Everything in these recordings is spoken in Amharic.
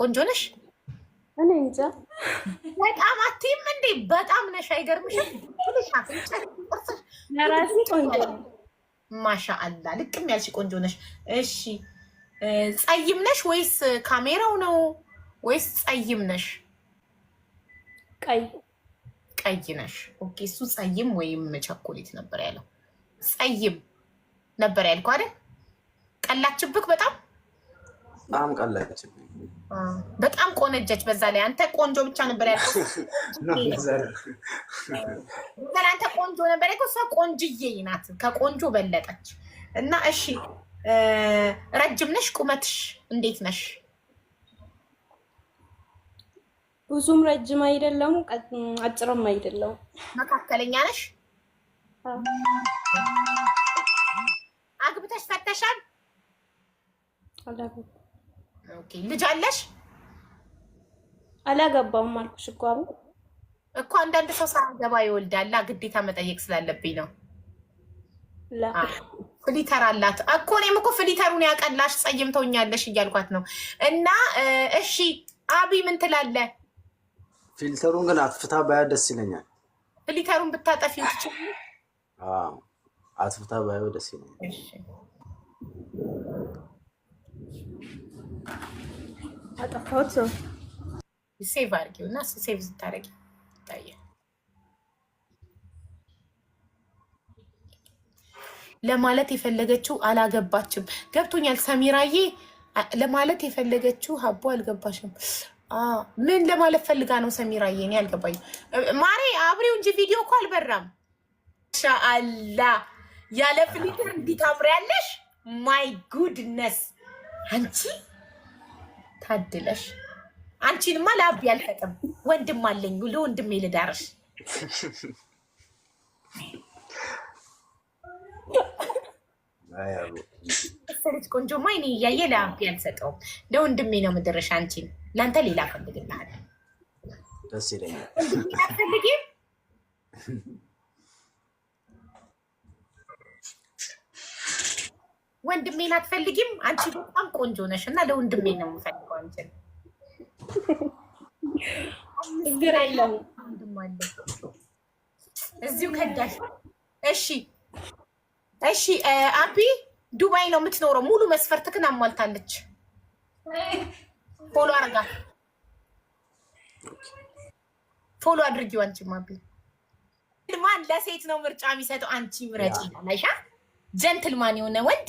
ቆንጆ ነሽ። እኔ እንጃ በጣም አትይም እንዴ? በጣም ነሽ። አይገርምሽም? ቆንጆ ማሻአላ፣ ልቅም ያልሽ ቆንጆ ነሽ። እሺ ጸይም ነሽ ወይስ ካሜራው ነው ወይስ ጸይም ነሽ? ቀይ ቀይ ነሽ። ኦኬ እሱ ጸይም ወይም ቸኮሌት ነበር ያለው። ጸይም ነበር ያልኩ አይደል? ቀላችብክ በጣም በጣም ቀላች በጣም ቆነጀች። በዛ ላይ አንተ ቆንጆ ብቻ ነበር ያልኩት። አንተ ቆንጆ ነበር ያልኩት። እሷ ቆንጅዬ ናት፣ ከቆንጆ በለጠች። እና እሺ፣ ረጅም ነሽ? ቁመትሽ እንዴት ነሽ? ብዙም ረጅም አይደለም፣ አጭርም አይደለም፣ መካከለኛ ነሽ። አግብተሽ ፈተሻል? ልጅ አለሽ? አላገባውም አልኩሽ እኮ አሁን እኮ አንዳንድ ሰው ሳያገባ ይወልዳላ። ግዴታ መጠየቅ ስላለብኝ ነው። ፍሊተር አላት እኮ እኔም እኮ ፍሊተሩን ያቀላሽ ጸይም ተውኛለሽ እያልኳት ነው። እና እሺ አቢ ምን ትላለ? ፊልተሩን ግን አትፍታ ባያ ደስ ይለኛል። ፍሊተሩን ብታጠፊ ትችል አትፍታ ባያ ደስ ይለኛል። አጠፋሁት ሴቭ አድርጊው እና ሴቭ ስታደርጊ ይታያል። ለማለት የፈለገችው አላገባችም። ገብቶኛል ሰሚራዬ። ለማለት የፈለገችው ሀቦ አልገባሽም። ምን ለማለት ፈልጋ ነው ሰሚራዬ? እኔ አልገባኝም። ማሬ አብሬው እንጂ ቪዲዮ እኮ አልበራም። ሻአላ ያለ ፍሊተር እንዲታምር ያለሽ ማይ ጉድነስ አንቺ ታድለሽ። አንቺንማ ለአብ ያልፈቅም ወንድም አለኝ ለወንድሜ ልዳርሽ። ሰሪት ማ ይኔ እያየ ለአብ ያልሰጠውም ለወንድሜ ነው ምድርሽ። አንቺን ለአንተ ሌላ ፈልግልሃል። ደስ ይለኛል። አትፈልጊም? ወንድሜን አትፈልጊም? አንቺ በጣም ቆንጆ ነሽ እና ለወንድሜ ነው ምፈልግ አንችል ችግር የለም። እዚሁ ከዳሽ። እሺ እሺ። አቢ ዱባይ ነው የምትኖረው። ሙሉ መስፈርትክን አሟልታለች። ፎሎ አርጋ ፎሎ አድርጊው። አንቺም አቢ ማን ለሴት ነው ምርጫ የሚሰጠው? አንቺ ምረጪ። ጀንትልማን የሆነ ወንድ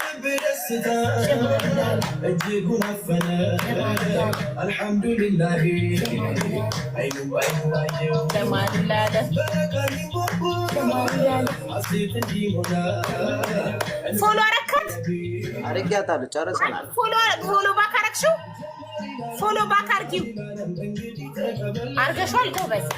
ደስታ እጅጉን አፈነ። አልሐምዱሊላህ አይኑ ፎሎ አረካት አረጊያታለሁ። ጨርሰናል። ፎሎ ባክ አረግሽው። ፎሎ ባክ አርጊው። አርገሻል። ጎበዝ